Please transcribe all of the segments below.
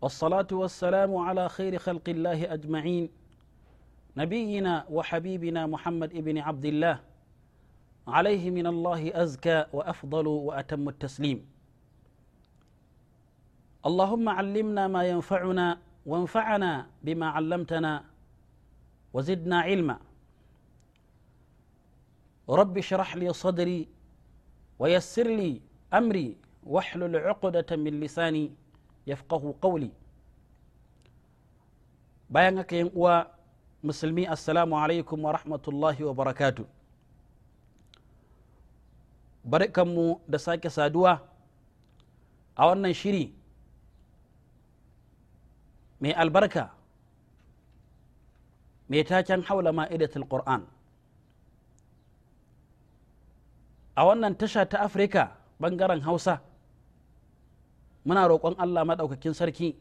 والصلاة والسلام على خير خلق الله أجمعين نبينا وحبيبنا محمد ابن عبد الله عليه من الله أزكى وأفضل وأتم التسليم اللهم علمنا ما ينفعنا وانفعنا بما علمتنا وزدنا علما رب اشرح لي صدري ويسر لي أمري واحلل عقدة من لساني yafqahu qawli bayan haka yan uwa musulmi assalamu alaikum wa rahmatullahi wa barakatu barkanmu da sake saduwa a wannan shiri mai albarka mai taken haula ma'idatul qur'an a wannan tasha ta afirka bangaren hausa muna roƙon Allah maɗaukakin sarki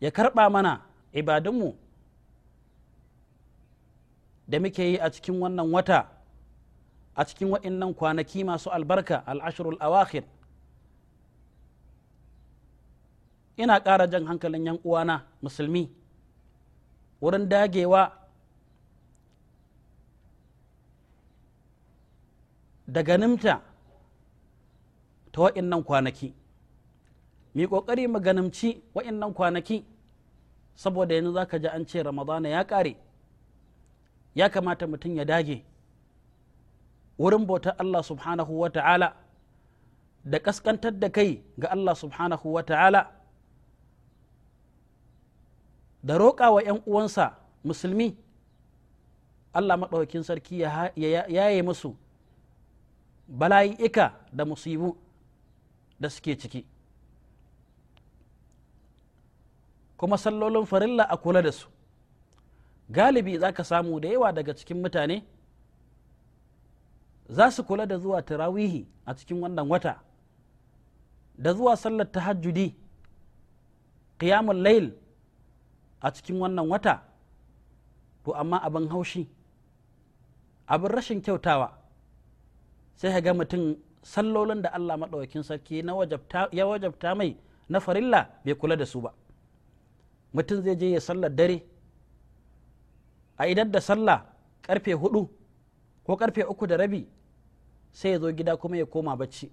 ya karɓa mana ibadunmu da muke yi a cikin wannan wata a cikin waɗannan kwanaki masu albarka al'ashirul awakhir ina ƙara jan hankalin yan uwana musulmi wurin dagewa da ganimta ta wa'innan kwanaki mi kokari maganamci wa'innan kwanaki saboda yanzu zaka ji an ce ramadana ya ƙare ya kamata mutum ya dage wurin bautar Allah subhanahu wa ta'ala da ƙasƙantar da kai ga Allah subhanahu wa ta'ala da roƙa wa ‘yan uwansa musulmi Allah maɗaukin sarki ya yaye musu bala'in ika da musibu da suke ciki kuma sallolin farilla a kula da su galibi za ka samu da yawa daga cikin mutane za su kula da zuwa tarawihi a cikin wannan wata da zuwa sallar tahajjudi qiyamul lail a cikin wannan wata to amma abin haushi abin rashin kyautawa sai ga mutum sallolin da Allah maɗaukin sarki ya wajabta mai na farilla bai kula da su ba mutum zai je ya sallar dare a idan da sallah karfe hudu ko karfe uku da rabi sai ya zo gida kuma ya koma bacci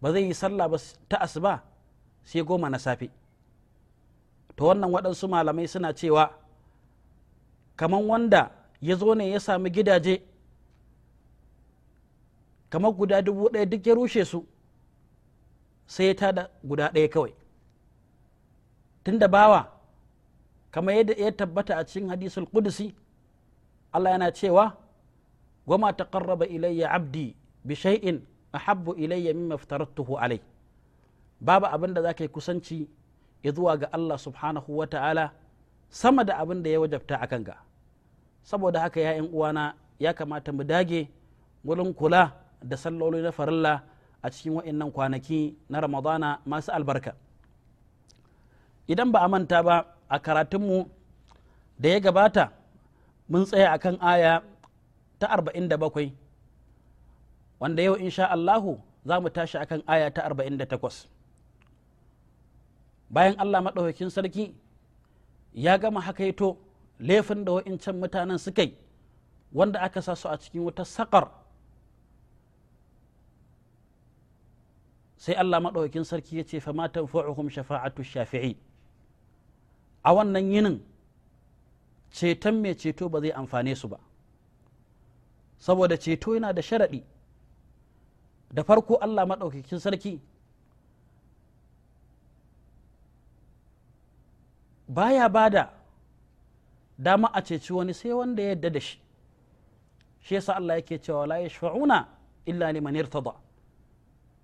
ba zai yi sallah ba ta asuba sai goma na safe to wannan waɗansu malamai suna cewa kaman wanda ya zo ne ya sami gidaje kamar guda dubu ɗaya duk ya rushe su sai ya tada guda ɗaya kawai tunda bawa kamar yadda ya tabbata a cikin hadisul kudusi Allah yana cewa ta ƙarraba ilayya abdi bi shay'in ahabbu ilayya mimma aftaratuhu alai babu abin da zaka yi kusanci ya zuwa ga Allah subhanahu wa ta'ala sama da abin da ya wajabta a kanka saboda haka ya uwana ya kamata mu dage wurin kula da salloli na farilla a cikin wa'annan kwanaki na ramadana masu albarka idan ba a manta ba a karatunmu da ya gabata mun tsaya a kan aya ta 47 wanda yau insha Allahu za mu tashi akan aya ta 48 bayan Allah maɗaukakin sarki ya gama haka hakaito laifin da wa'incan mutanen suka yi wanda aka sa su a cikin wata saƙar sai Allah maɗaukin sarki ya ce fa ma tanfa'uhum shafa'atu shafi'i a wannan yinin ceton mai ceto ba zai amfane su ba saboda ceto yana da sharaɗi da farko Allah maɗaukakin sarki baya bada dama a ceci wani sai wanda ya yadda da shi shi yasa Allah yake cewa la yashfa'una illa liman irtada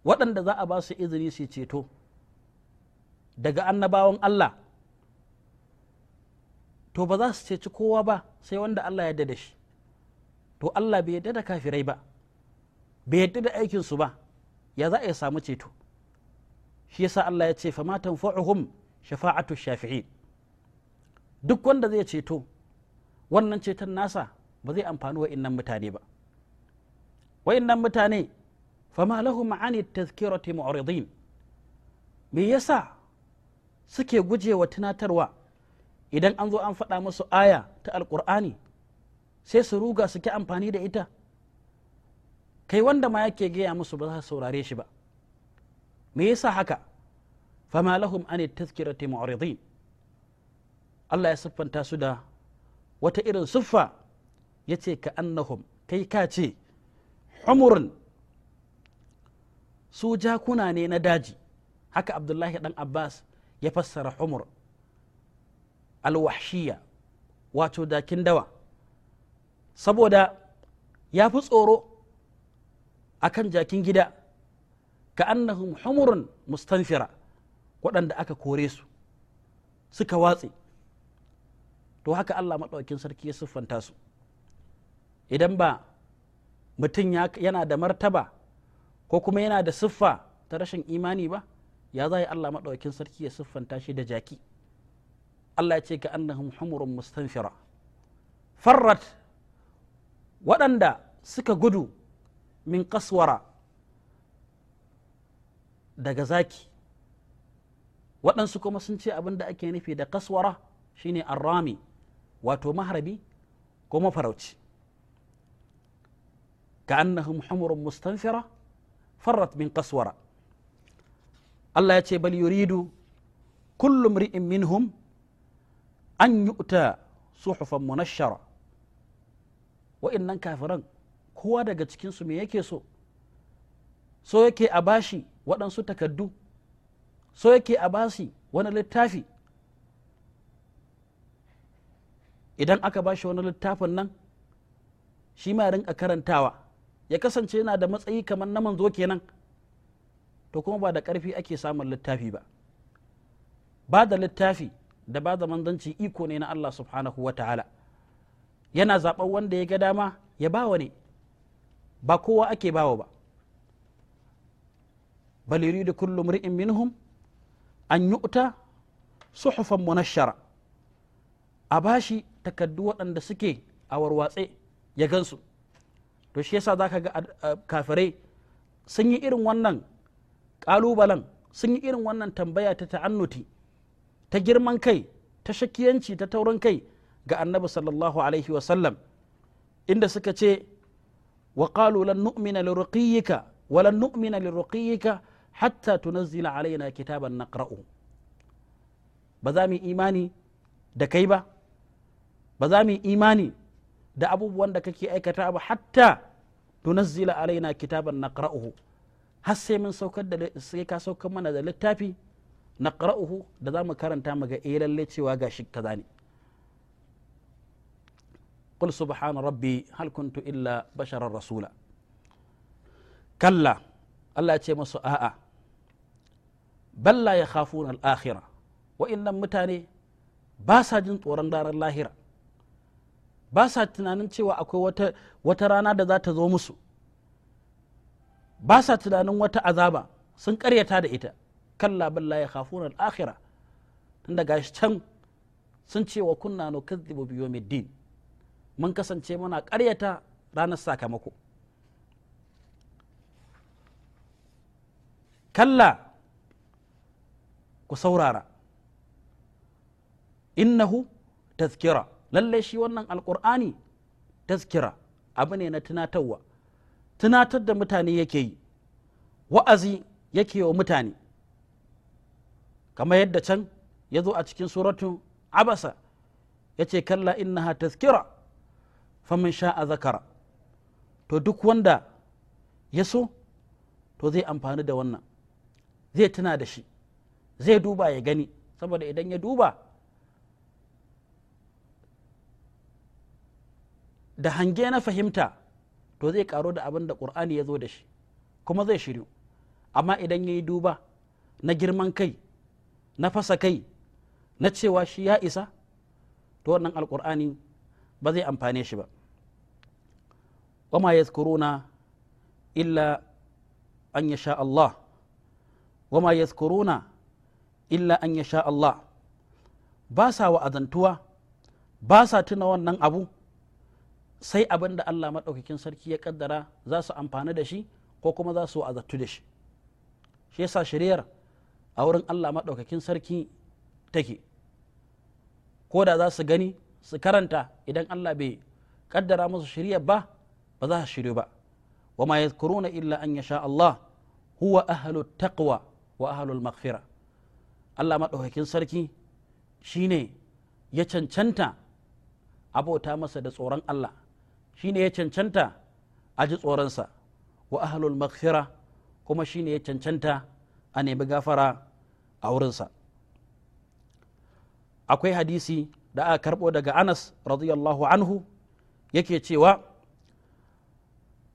waɗanda za a ba su izini su ceto daga annabawan Allah to ba za su ceci kowa ba sai wanda Allah ya da shi to Allah bai yadda da kafirai ba bai yadda da aikinsu ba ya za a samu ceto shi yasa Allah ya ce famatan fa'uhum shafa'atu shafi'i duk wanda zai ceto wannan ceton nasa ba zai amfani wa innan mutane ba wa'innan mutane fama lahum ani tazkirati mu'ridin me yasa suke gujewa tunatarwa idan an zo an faɗa musu aya ta alƙur'ani sai su ruga suke amfani da ita kai wanda ma yake gaya musu ba za su saurare shi ba me yasa haka fama lahum ani tazkirati mu'ridin Allah ya siffanta su da wata irin siffa ya ce ka annahum kai ka ce humurin su jakuna ne na daji haka abdullahi dan abbas ya fassara humur alwahshiya wato dakin dawa saboda ya fi tsoro akan jakin gida ka annahum humurun mustanfira waɗanda aka kore su suka watse to haka allah maɗaukin sarki ya siffanta su idan ba mutum yana da martaba ko kuma yana da siffa ta rashin imani ba ya zai Allah maɗaukin sarki ya siffanta shi da jaki Allah ya ce ka annahum humurun mustanfira farrat waɗanda suka gudu min kaswara daga zaki waɗansu kuma sun ce abin da ake nufi da kaswara shine arrami wato maharbi ko mafarauci ka annahum humurun mustanfira farrat min qaswara Allah ya ce bal yuridu kullu mri'in minhum an yu'ta suhufan munashshara wa'innan kafiran kowa daga cikinsu me yake so so yake a bashi waɗansu takardu? so yake a bashi wani littafi idan aka bashi wani littafin nan shi ma rinka karantawa ya kasance yana da matsayi kamar na manzo kenan to kuma ba da ƙarfi ake samun littafi ba ba da littafi da ba da manzanci iko ne na Allah subhanahu wa ta'ala yana zaɓar wanda ya ga dama ya bawa ne ba kowa ake bawa ba bal yuridu kullu mri'in minhum an yu'ta suhufan munashshara a bashi takaddu waɗanda suke a warwatse ya gansu to shi yasa zaka ga kafirai sun yi irin wannan kalubalen sun yi irin wannan tambaya ta ta'annuti ta girman kai ta shakiyanci ta taurin kai ga annabi sallallahu alaihi wasallam inda suka ce wa qalu lan nu'mina liruqiyika wa lan nu'mina liruqiyika hatta tunazzila alaina kitaban naqra'u ba za mu imani da kai ba ba za mu imani da abubuwan da kake aikata ba hatta tunazzila alaina kitaban naqra'uhu har sai mun saukar da sai ka saukar mana da littafi naqra'uhu da zamu karanta mu ga eh lalle cewa gashi kaza ne qul subhana rabbi hal kuntu illa basharar rasula kalla Allah ya ce masu a'a balla ya khafuna al-akhirah wa mutane ba sa jin tsoron ranar lahira ba sa tunanin cewa akwai wata, rana da za ta zo musu ba sa tunanin wata azaba sun karyata da ita kan labin laye khafuna al-akhira tunda shi can sun ce wa kunna nukazzibu biyo din. mun kasance muna karyata ranar sakamako kalla ku saurara innahu tazkira Lallai shi wannan alkur'ani taskira, abu ne na tunatarwa tunatar da mutane yake yi wa'azi yake wa mutane kamar yadda can ya zo a cikin suratun abasa ya ce kalla innaha tazkira famin sha'a zakara to duk wanda ya so to zai amfani da wannan zai tuna da shi zai duba ya gani saboda idan ya duba da hange na fahimta to zai karo da abin da ƙur'ani ya zo da shi kuma zai shiryu amma idan ya yi duba na girman kai na fasa kai na cewa shi ya isa to wannan alƙur'ani ba zai amfane shi ba wama yadhkuruna illa an yasha Allah wama yadhkuruna illa an sha Allah ba sa wa'azantuwa ba sa tuna wannan abu sai abin da Allah maɗaukakin sarki ya ƙaddara za su amfani da shi ko kuma za su azattu da shi shi yasa shiriyar a wurin Allah maɗaukakin sarki take ko da za su gani su karanta idan Allah bai ƙaddara musu shiriyar ba ba za su shiryu ba wa ma yadhkuruna illa an yasha Allah huwa ahlu taqwa wa ahlul maghfira Allah maɗaukakin sarki shine ya cancanta abota masa da tsoron Allah shine ya cancanta a ji tsoronsa wa ahlul maghfira kuma shine ya cancanta a nemi gafara a wurinsa akwai hadisi da aka karbo daga anas radiyallahu anhu yake cewa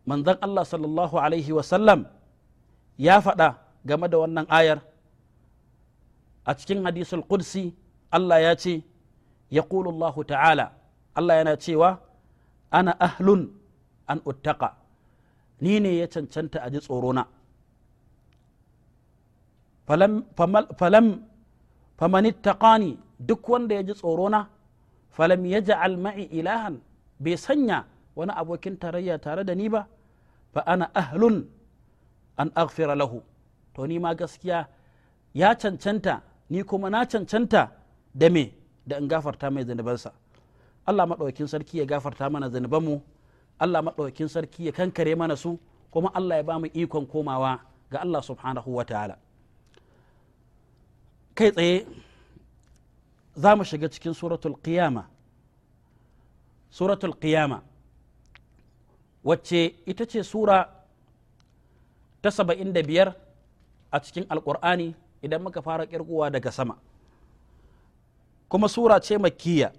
manzon allah sallallahu alaihi wasallam ya faɗa game da wannan ayar a cikin hadisul qudsi allah ya ce ya ta'ala allah yana cewa ana ahlun an uttaka ni ne ya cancanta a ji tsorona falam faman duk wanda ya ji tsorona falam ya ji almai ilahan bai sanya wani abokin tarayya tare da ni ba fa ana ahlun an aghfira lahu to ni ma gaskiya ya cancanta ni kuma na cancanta da me da in gafarta mai zanibansa. Allah maɗaukin sarki ya gafarta mana zanubanmu Allah maɗaukin sarki ya kankare mana su kuma Allah ya ba mu ikon komawa ga Allah subhanahu wa ta'ala kai tsaye za mu shiga cikin suratul qiyama suratul qiyama wacce ita ce sura ta saba'in da biyar a cikin alƙur'ani idan muka fara ƙirƙuwa daga sama kuma sura ce makiyya.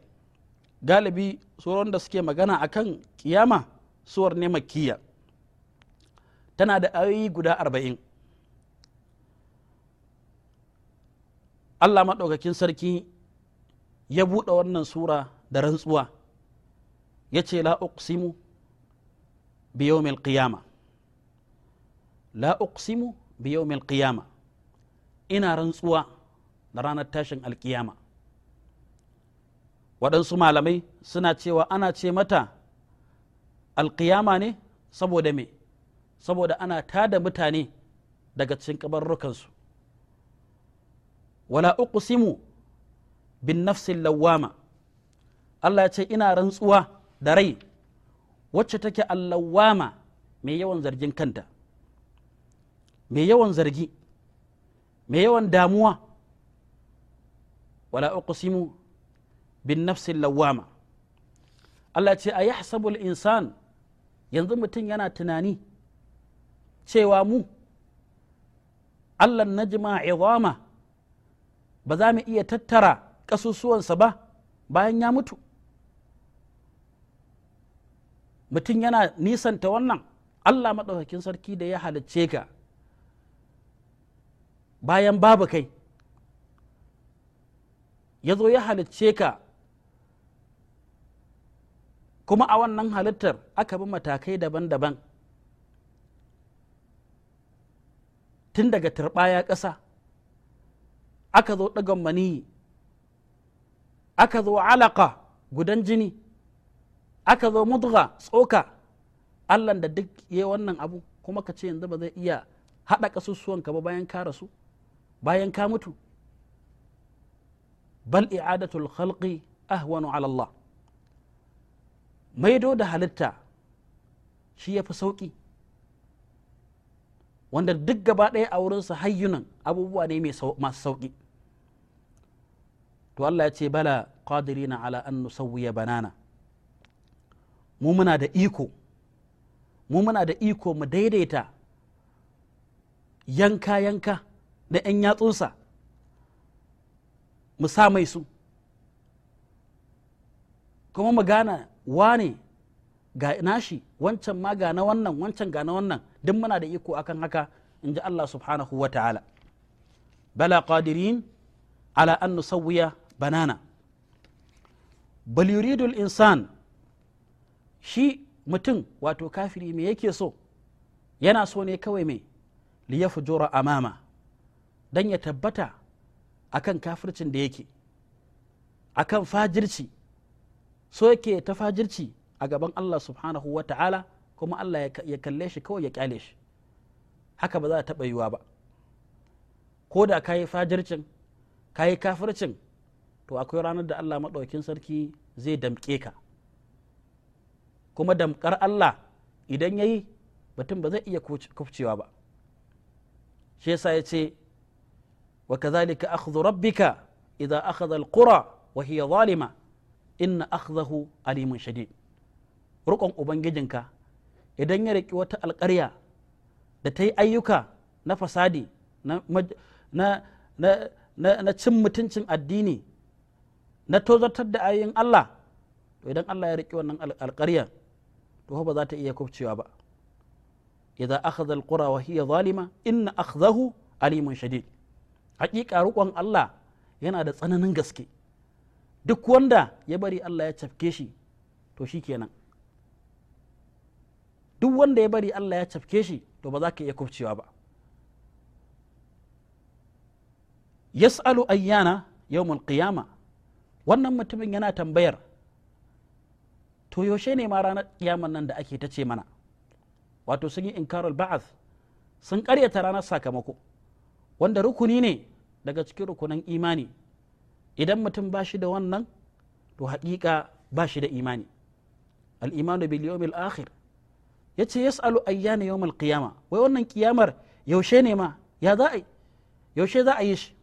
galibi tsoron da suke magana a kan kiyama suwar ne makiya tana da ayoyi guda arba'in allah maɗaukakin sarki ya buɗe wannan sura da rantsuwa ya ce la uqsimu bi yawmil qiyama la uqsimu bi yawmil qiyama ina rantsuwa da ranar tashin alkiyama waɗansu malamai suna cewa ana ce mata alƙiyama ne saboda me saboda ana tada mutane daga cikin kabarrukansu wala uqsimu bin nafsin lawama Allah ya ce ina rantsuwa da rai wacce take allawama mai yawan zargin kanta mai yawan zargi mai yawan damuwa wala uqsimu bin nafsin lawama Allah ce a yahsabul insan yanzu mutum yana tunani cewa mu Allah najma izama ba za mu iya tattara ƙasusuwansa ba bayan ya mutu mutum yana nisanta wannan Allah maɗaukakin sarki da ya halicce ka bayan babu kai ya zo ya halicce ka kuma a wannan halittar aka bi matakai daban-daban tun daga turɓaya ƙasa aka zo ɗagan maniyi aka zo alaka gudan jini aka zo mudga tsoka allan da duk ya wannan abu kuma ka ce yanzu ba zai iya haɗa ƙasusuwan ka ba bayan ka rasu bayan ka mutu bal i'adatul khalqi ahwanu ala Allah maido da halitta shi ya fi sauƙi wanda duk gaba ɗaya a wurinsa hayyunan abubuwa ne masu sauƙi to Allah ya ce bala qadirina ala an nusawwiya banana mu muna da iko mu muna da iko mu daidaita yanka yanka da 'yan yatsunsa mu sa mai su kuma mu gana wane ga nashi wancan ma ga na wannan wancan ga na wannan duk muna da iko akan haka in ji Allah subhanahu wa ta'ala bala qadirin ala an nusawwiya banana bal yuridul insan shi mutum wato kafiri me yake so yana so ne kawai mai yafjura amama dan ya tabbata akan kafircin da yake akan fajirci so yake ta fajirci a gaban Allah subhanahu wa ta'ala kuma Allah ya kalle shi kawai ya kyale shi haka ba za ta taɓa yiwa ba ko da ka yi fajircin ka yi kafircin to akwai ranar da Allah maɗaukin sarki zai damƙe ka kuma damƙar Allah idan ya yi mutum ba zai iya kufcewa ba shi yasa ya ce wa kazalika akhdhu rabbika idza akhadha alqura wa hiya zalima inna akhdahu alimun shadid rukon ubangijinka idan ya riki wata alƙarya da ta yi ayyuka na fasadi na cin mutuncin addini na tozartar da ayoyin Allah to idan Allah ya riki wannan alƙarya to ba za ta iya kubcewa ba idza akhadha alqura wa hiya zalima inna akhdahu alimun shadid haƙiƙa rukon Allah yana da tsananin gaske duk wanda ya bari Allah ya cafke shi to shi kenan duk wanda ya bari Allah ya cafke shi to ba za ka iya kufcewa ba yas'alu ayyana yawmul qiyama wannan mutumin yana tambayar to yaushe ne ma ranar kiyaman nan da ake ta ce mana wato sun yi inkarul ba'ath sun karyata ranar sakamako wanda rukuni ne daga cikin rukunan imani idan mutum ba shi da wannan to haƙiƙa ba shi da imani al'imanu bil yawmil akhir ya ce yas'alu ayyana yawmal qiyama wai wannan kiyamar yaushe ne ma ya za a yaushe za a yi shi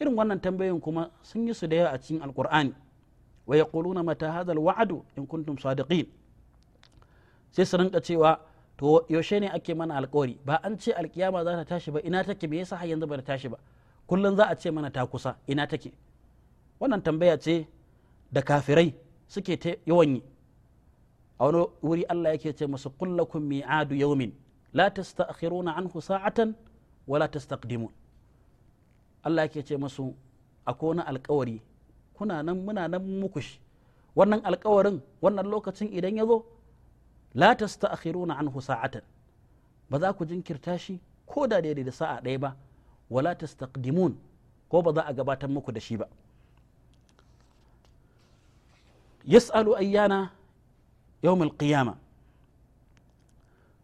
irin wannan tambayoyin kuma sun yi su da yawa a cikin alqur'ani wa yaquluna mata hadha alwa'du in kuntum sadiqin sai su rinka cewa to yaushe ne ake mana alkawari ba an ce alkiyama za ta tashi ba ina take me yasa har yanzu ba ta tashi ba kullum za a ce mana ta kusa ina take wannan tambaya ce da kafirai suke ta yawan yi a wani wuri Allah yake ce musu kullakun mi'adu yaumin. la tasta'khiruna anhu sa'atan wa la tastaqdimun Allah yake ce musu akwai wani alkawari kuna nan muna nan mukush wannan alkawarin wannan lokacin idan ya zo la tasta'khiruna anhu sa'atan ba za ku jinkirta shi ko da daidai da sa'a ɗaya ba wala tastaqdimun ko ba za a gabatar muku da shi ba يسأل أيانا يوم القيامة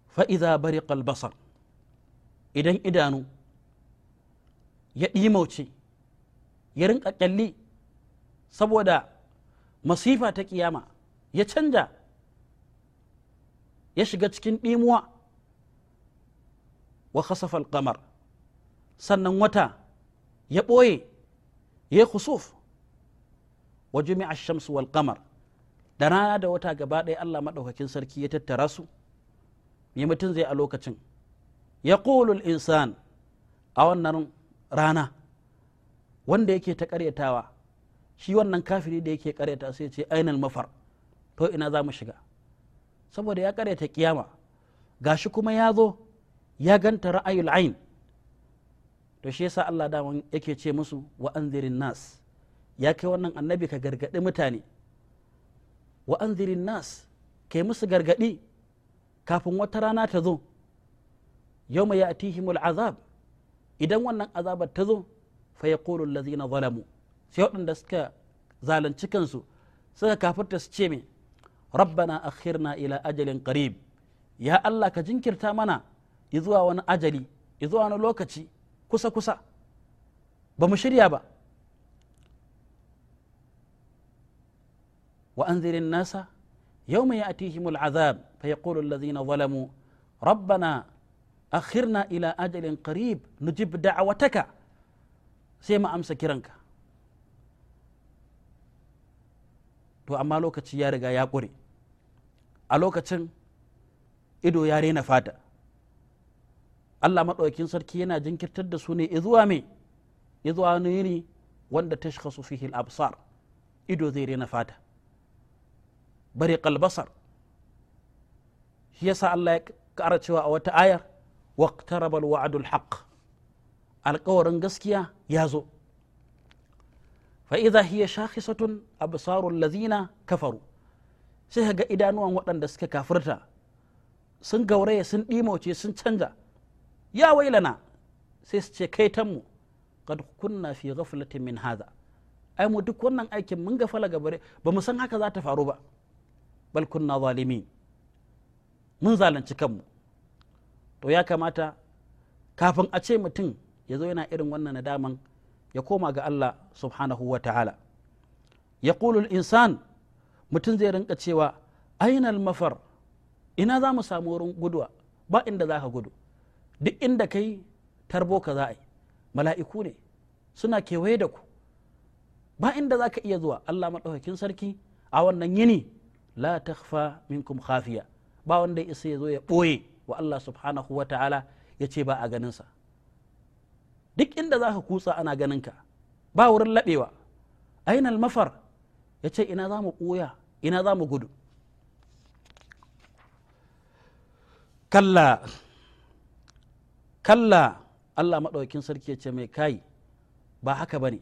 فإذا برق البصر إذن إدانو يأي موتي يرنك أكلي سبو دا مصيفة تكياما يتنجا يشغت كن إيموا وخصف القمر سننوتا يبوي يخصوف وجميع الشمس والقمر da rana da wata gaba ɗaya Allah maɗaukakin sarki ya tattara su me mutum zai a lokacin ya ƙulul insan a wannan rana wanda yake ta ƙaryatawa shi wannan kafiri da yake ƙaryata sai ce ainihin mafar to ina za mu shiga saboda ya ƙaryata kiyama gashi kuma ya zo ya ganta ra'ayul ain to shi yasa Allah daman yake ce musu wa anzirin nas ya kai wannan annabi ka gargaɗi mutane wa anzirin nas kai musu gargadi kafin wata rana ta zo yau mai atihimul azab idan wannan azabar ta zo fa ya na zalamu sai waɗanda suka zalunci kansu suka kafarta su ce me rabbana akhirna ila ajalin qarib ya Allah ka jinkirta mana izuwa wani ajali izuwa wani lokaci kusa kusa ba mu shirya ba وأنذر الناس يوم يأتيهم العذاب فيقول الذين ظلموا ربنا أخرنا إلى أجل قريب نجب دعوتك سيما أمس كرنك to amma lokaci ya riga ya ƙure a lokacin ido ya rena fata Allah maɗaukin sarki yana jinkirtar da su ne izuwa me izuwa ne wanda tashkhasu fihi al-absar ido zai rena fata bari kalbasar shi yasa Allah ya ƙara cewa a wata ayar waqtarabal wa'adul haqq alƙawarin gaskiya ya zo fa idza hiya shakhisatun absarul ladhina kafaru sai ga idanuwan waɗanda suka kafirta sun gauraya sun ɗimoce sun canja ya wailana sai su ce kai tanmu qad kunna fi ghaflatin min hadha ai mu duk wannan aikin mun gafala gabare ba mu san haka za ta faru ba bal kunna zalimin mun zalunci kanmu to ya kamata kafin a ce mutum ya zo yana irin wannan nadaman ya koma ga Allah subhanahu wa ta'ala ya insan mutum zai rinka cewa ainal mafar ina za mu samu wurin guduwa ba inda za ka gudu duk inda kai tarbo ka za mala'iku ne suna kewaye da ku ba inda za ka iya zuwa Allah maɗaukakin sarki a wannan yini la takfa minkum khafiya ba wanda isa ya zo ya ɓoye wa Allah subhanahu wa ta'ala ya ce ba a ganinsa duk inda za ka kusa ana ganinka ba wurin laɓewa ainal almafar ya ce ina za mu ɓoya ina za mu gudu kalla kalla Allah maɗaukin sarki ya ce mai kai ba haka ba ne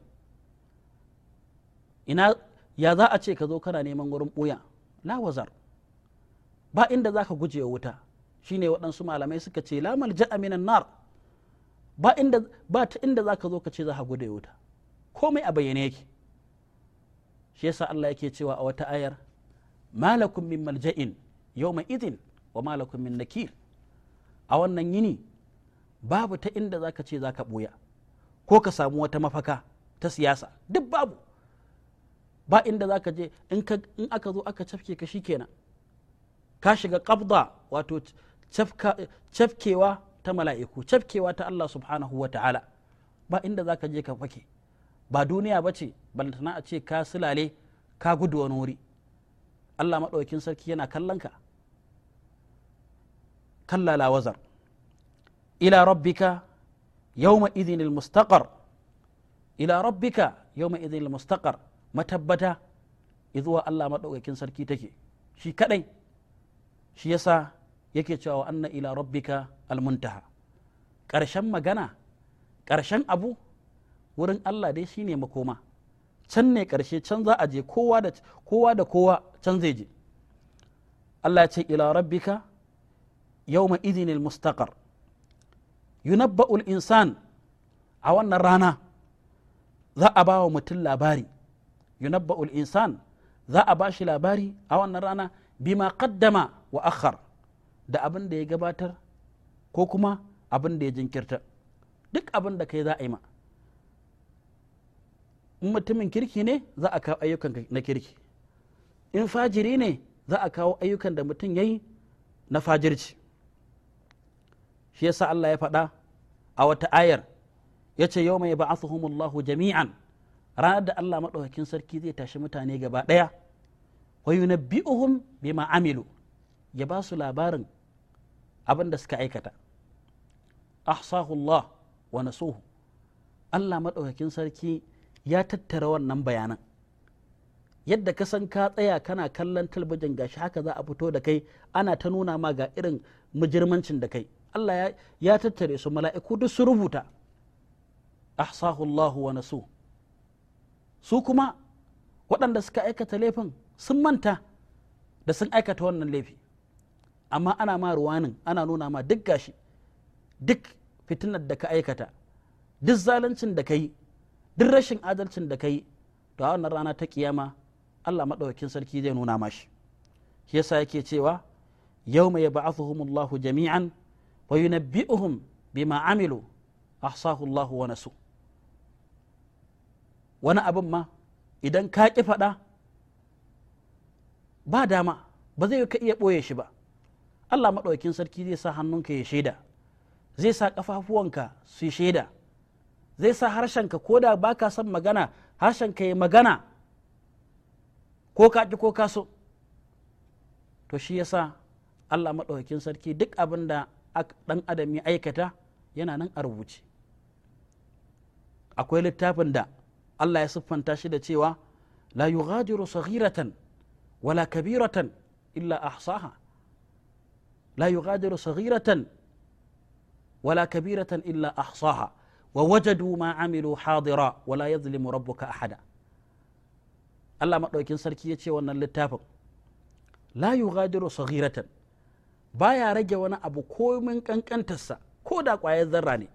ina ya za a ce ka zo kana neman wurin buya? la wazar ba inda zaka guje wuta shine waɗansu malamai suka ce la malja'a minan nar ba inda ba ta inda zaka zo ka ce za ka guje wuta komai a bayyane yake shi yasa Allah yake cewa a wata ayar malakum min malja'in yawma idin wa malakum min nakir a wannan yini babu ta inda zaka ce zaka boya ko ka samu wata mafaka ta siyasa duk babu ba inda za ka je in aka zo aka cafke ka shikenan ka shiga qabda wato cafkewa ta mala'iku cafkewa ta Allah subhanahu wa ta'ala ba inda za ka je ka fake ba duniya ba ce ballantana a ce ka sulale ka gudu wani wuri Allah maɗaukin sarki yana kallon ka kallala wazar ila rabbika yawma idhin almustaqar ila rabbika yawma idhin almustaqar matabbata izuwa Allah maɗaukakin sarki take shi kaɗai shi yasa yake cewa anna ila rabbika almuntaha ƙarshen magana ƙarshen abu wurin Allah dai shine makoma can ne ƙarshe can za a je kowa da kowa da kowa can zai je Allah ce ila rabbika yawma idinil mustaqar yunabba'ul insan a wannan rana za a ba wa mutum labari yunabba'ul insan za a bashi labari a wannan rana biyu ma qaddama wa akhar da abin ya gabatar ko kuma abinda ya jinkirta duk abin da kai za a yi ma mutumin kirki ne za a kawo ayyukan na kirki in fajiri ne za a kawo ayyukan da mutum ya yi na fajirci shi yasa Allah ya faɗa a wata ayar ya ce yau mai ba'athuhumullahu jami'an ranar da Allah maɗaukakin sarki zai tashi mutane gaba ɗaya wa bai bima amilu ya ba su labarin abin da suka aikata ahsahu Allah wa nasuhu Allah maɗaukakin sarki ya tattara wannan bayanan yadda ka san ka tsaya kana kallon talbijin gashi haka za a fito da kai ana ta nuna ma ga irin mujirmancin da kai Allah ya tattare su mala'iku duk su rubuta ahsahu Allahu wa nasuhu su kuma waɗanda suka aikata laifin sun manta da sun aikata wannan laifi amma ana ma ruwanin ana nuna ma duk gashi duk fitinar da ka aikata duk zaluncin da ka yi duk rashin adalcin da ka yi to a wannan rana ta kiyama Allah maɗaukakin sarki zai nuna mashi shi yasa yake cewa yau yawma yab'athuhumullahu jami'an wa yunabbi'uhum bima amilu ahsahu Allah wa nasu wani abin ma idan ka ƙi faɗa ba dama ba zai ka iya ɓoye shi ba allah maɗaukin sarki zai sa hannunka ya shaida zai sa ƙafafuwanka su yi shaida zai sa harshenka ko da ba ka son magana harshenka ya magana ko ka ƙi ko ka so to shi ya sa allah maɗaukin sarki duk abin da ɗan adam ya aikata yana nan a rubuce akwai littafin da Allah ya siffanta shi da cewa la yughadiru saghiratan wala kabiratan illa ahsaha la yughadiru saghiratan wala kabiratan illa ahsaha wa wajadu ma amilu hadira wala yadhlimu rabbuka ahada Allah madaukin sarki ya ce wannan littafin la yughadiru saghiratan baya rage wani abu komin kankantarsa ko da kwayar zarra ne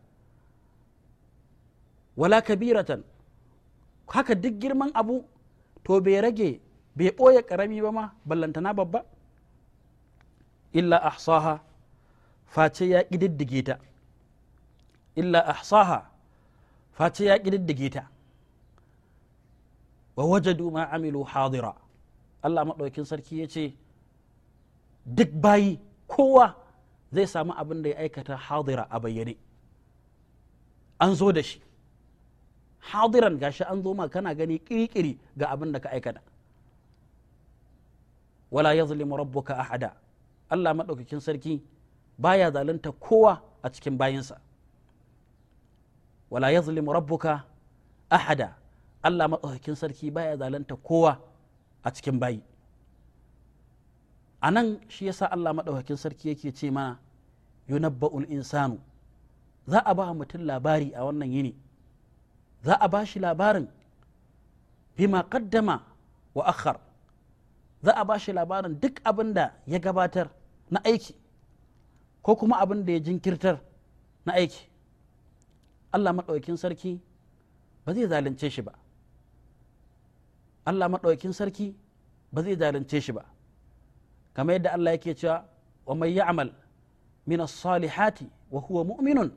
wala kabiratan haka duk girman abu to bai rage bai ɓoye ƙarami ba ma ballantana babba illa ahsaha face ya ƙididdige ta illa ahsaha face ya ƙididdige ta wa wajadu ma amilu hadira Allah maɗaukin sarki ya ce duk bayi kowa zai samu abin da ya aikata hadira a bayyane an zo da shi hadiran gashi an zo ma kana gani kirkiri ga abin da ka aikata wala yazlimu rabbuka ahada Allah maɗaukakin sarki baya zalunta kowa a cikin bayinsa wala yazlimu rabbuka ahada Allah maɗaukakin sarki baya zalunta kowa a cikin bayi a nan shi yasa Allah maɗaukakin sarki yake ce mana yunabba'ul insanu za a ba mutum labari a wannan yini za a ba shi labarin bima kaddama wa akhar za a ba shi labarin duk abin da ya gabatar na aiki ko kuma abin da ya jinkirtar na aiki Allah maɗaukin sarki ba zai zalunce shi ba Allah maɗaukin sarki ba zai zalunce shi ba kamar yadda Allah yake cewa wa mai ya'amal min as-salihati wa huwa mu'minun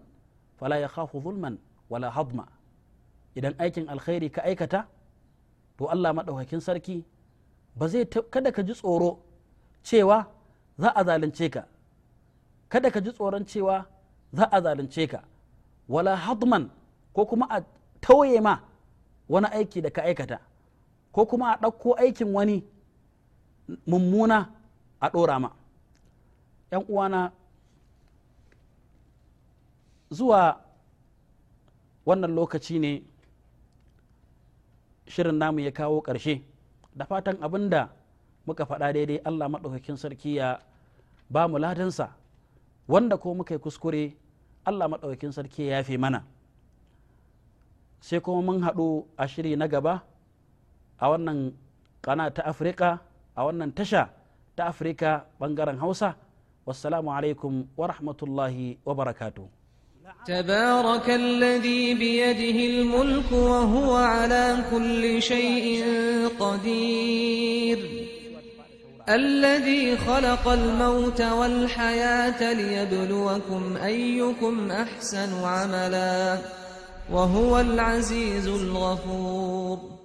fala yakhafu zulman wala hadma idan aikin alkhairi ka aikata to Allah maɗaukakin sarki ba zai kada ka ji tsoro cewa za a zalunce ka kada ka ji tsoron cewa za a zalunce ka wala hadman ko kuma a tauye ma wani aiki da ka aikata ko kuma a ɗauko aikin wani mummuna a ɗora ma ‘yan uwana zuwa wannan lokaci ne shirin namu ya kawo ƙarshe da fatan abin da muka faɗa daidai allah maɗaukakin sarki ya ba mu ladansa wanda ko muka yi kuskure allah maɗaukakin sarki ya yafe mana sai kuma mun haɗu a shiri na gaba a wannan ƙana ta afirka a wannan tasha ta afirka ɓangaren hausa wassalamu alaikum wa rahmatullahi wa barakatuh تبارك الذي بيده الملك وهو على كل شيء قدير الذي خلق الموت والحياة ليبلوكم أيكم أحسن عملا وهو العزيز الغفور